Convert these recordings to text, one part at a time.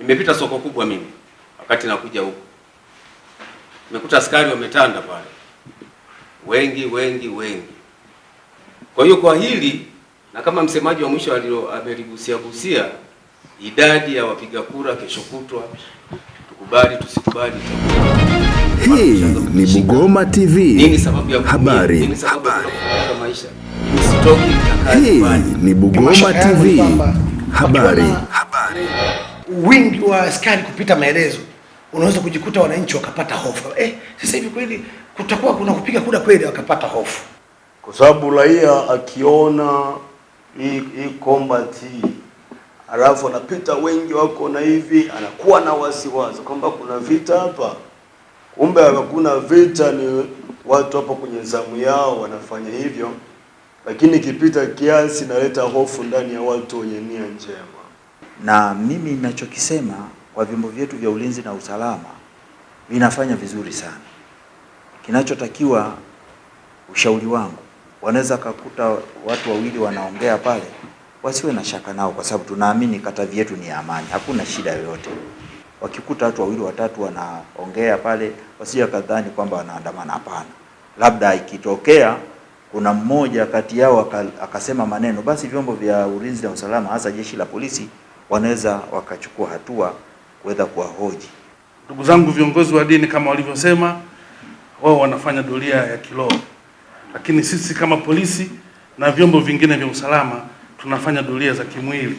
Nimepita soko kubwa mimi wakati nakuja huku, nimekuta askari wametanda pale, wengi wengi wengi. Kwa hiyo kwa hili na kama msemaji wa mwisho ameligusia gusia idadi ya wapiga kura kesho kutwa, tukubali tusikubali. Hii ni Bugoma TV. Nini sababu ya habari? Nini sababu ya maisha? Hii ni Bugoma TV habari wingi wa askari kupita maelezo, unaweza kujikuta wananchi wakapata hofu eh, sasa hivi kweli kutakuwa kuna kupiga kura kweli, wakapata hofu, kwa sababu raia akiona hii hii combat hii alafu anapita wengi wako na hivi, anakuwa na wasiwasi kwamba kuna vita hapa. Kumbe hakuna vita, ni watu hapo kwenye zamu yao wanafanya hivyo, lakini ikipita kiasi naleta hofu ndani ya watu wenye nia njema na mimi ninachokisema kwa vyombo vyetu vya ulinzi na usalama vinafanya vizuri sana. Kinachotakiwa, ushauri wangu, wanaweza kakuta watu wawili wanaongea pale, wasiwe na shaka nao, kwa sababu tunaamini Katavi yetu ni amani, hakuna shida yoyote. Wakikuta watu wawili watatu wanaongea pale, wasije kadhani kwamba wanaandamana. Hapana, labda ikitokea kuna mmoja kati yao akasema maneno, basi vyombo vya ulinzi na usalama, hasa jeshi la polisi wanaweza wakachukua hatua kuweza kuwahoji. Ndugu zangu, viongozi wa dini kama walivyosema, wao wanafanya doria ya kiroho, lakini sisi kama polisi na vyombo vingine vya usalama tunafanya doria za kimwili.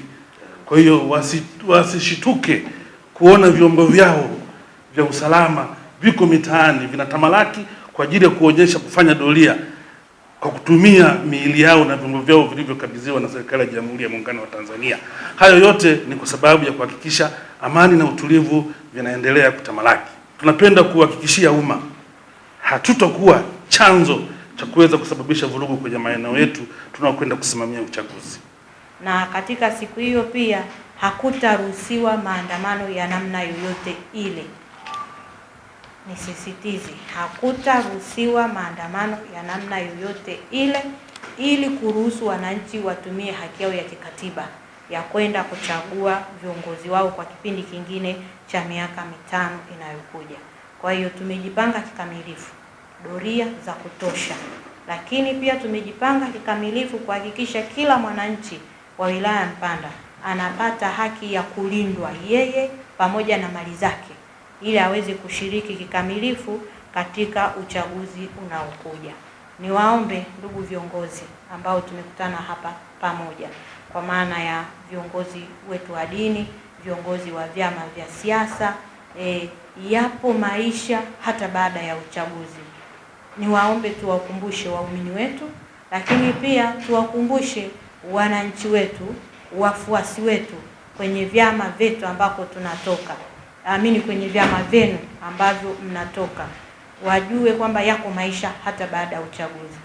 Kwa hiyo wasi, wasishituke kuona vyombo vyao vya usalama viko mitaani vinatamalaki kwa ajili ya kuonyesha kufanya doria kwa kutumia miili yao na viungo vyao vilivyokabidhiwa na serikali ya Jamhuri ya Muungano wa Tanzania. Hayo yote ni kwa sababu ya kuhakikisha amani na utulivu vinaendelea kutamalaki. Tunapenda kuhakikishia umma hatutokuwa chanzo cha kuweza kusababisha vurugu kwenye maeneo yetu tunaokwenda kusimamia uchaguzi. Na katika siku hiyo pia hakutaruhusiwa maandamano ya namna yoyote ile nisisitize, hakutaruhusiwa maandamano ya namna yoyote ile ili kuruhusu wananchi watumie haki yao ya kikatiba ya kwenda kuchagua viongozi wao kwa kipindi kingine cha miaka mitano inayokuja. Kwa hiyo tumejipanga kikamilifu, doria za kutosha, lakini pia tumejipanga kikamilifu kuhakikisha kila mwananchi wa wilaya Mpanda anapata haki ya kulindwa yeye pamoja na mali zake ili aweze kushiriki kikamilifu katika uchaguzi unaokuja. Niwaombe ndugu viongozi ambao tumekutana hapa pamoja, kwa maana ya viongozi wetu wa dini, viongozi wa vyama vya siasa e, yapo maisha hata baada ya uchaguzi. Niwaombe tuwakumbushe waumini wetu, lakini pia tuwakumbushe wananchi wetu, wafuasi wetu kwenye vyama vyetu ambako tunatoka amini kwenye vyama vyenu ambavyo mnatoka, wajue kwamba yako maisha hata baada ya uchaguzi.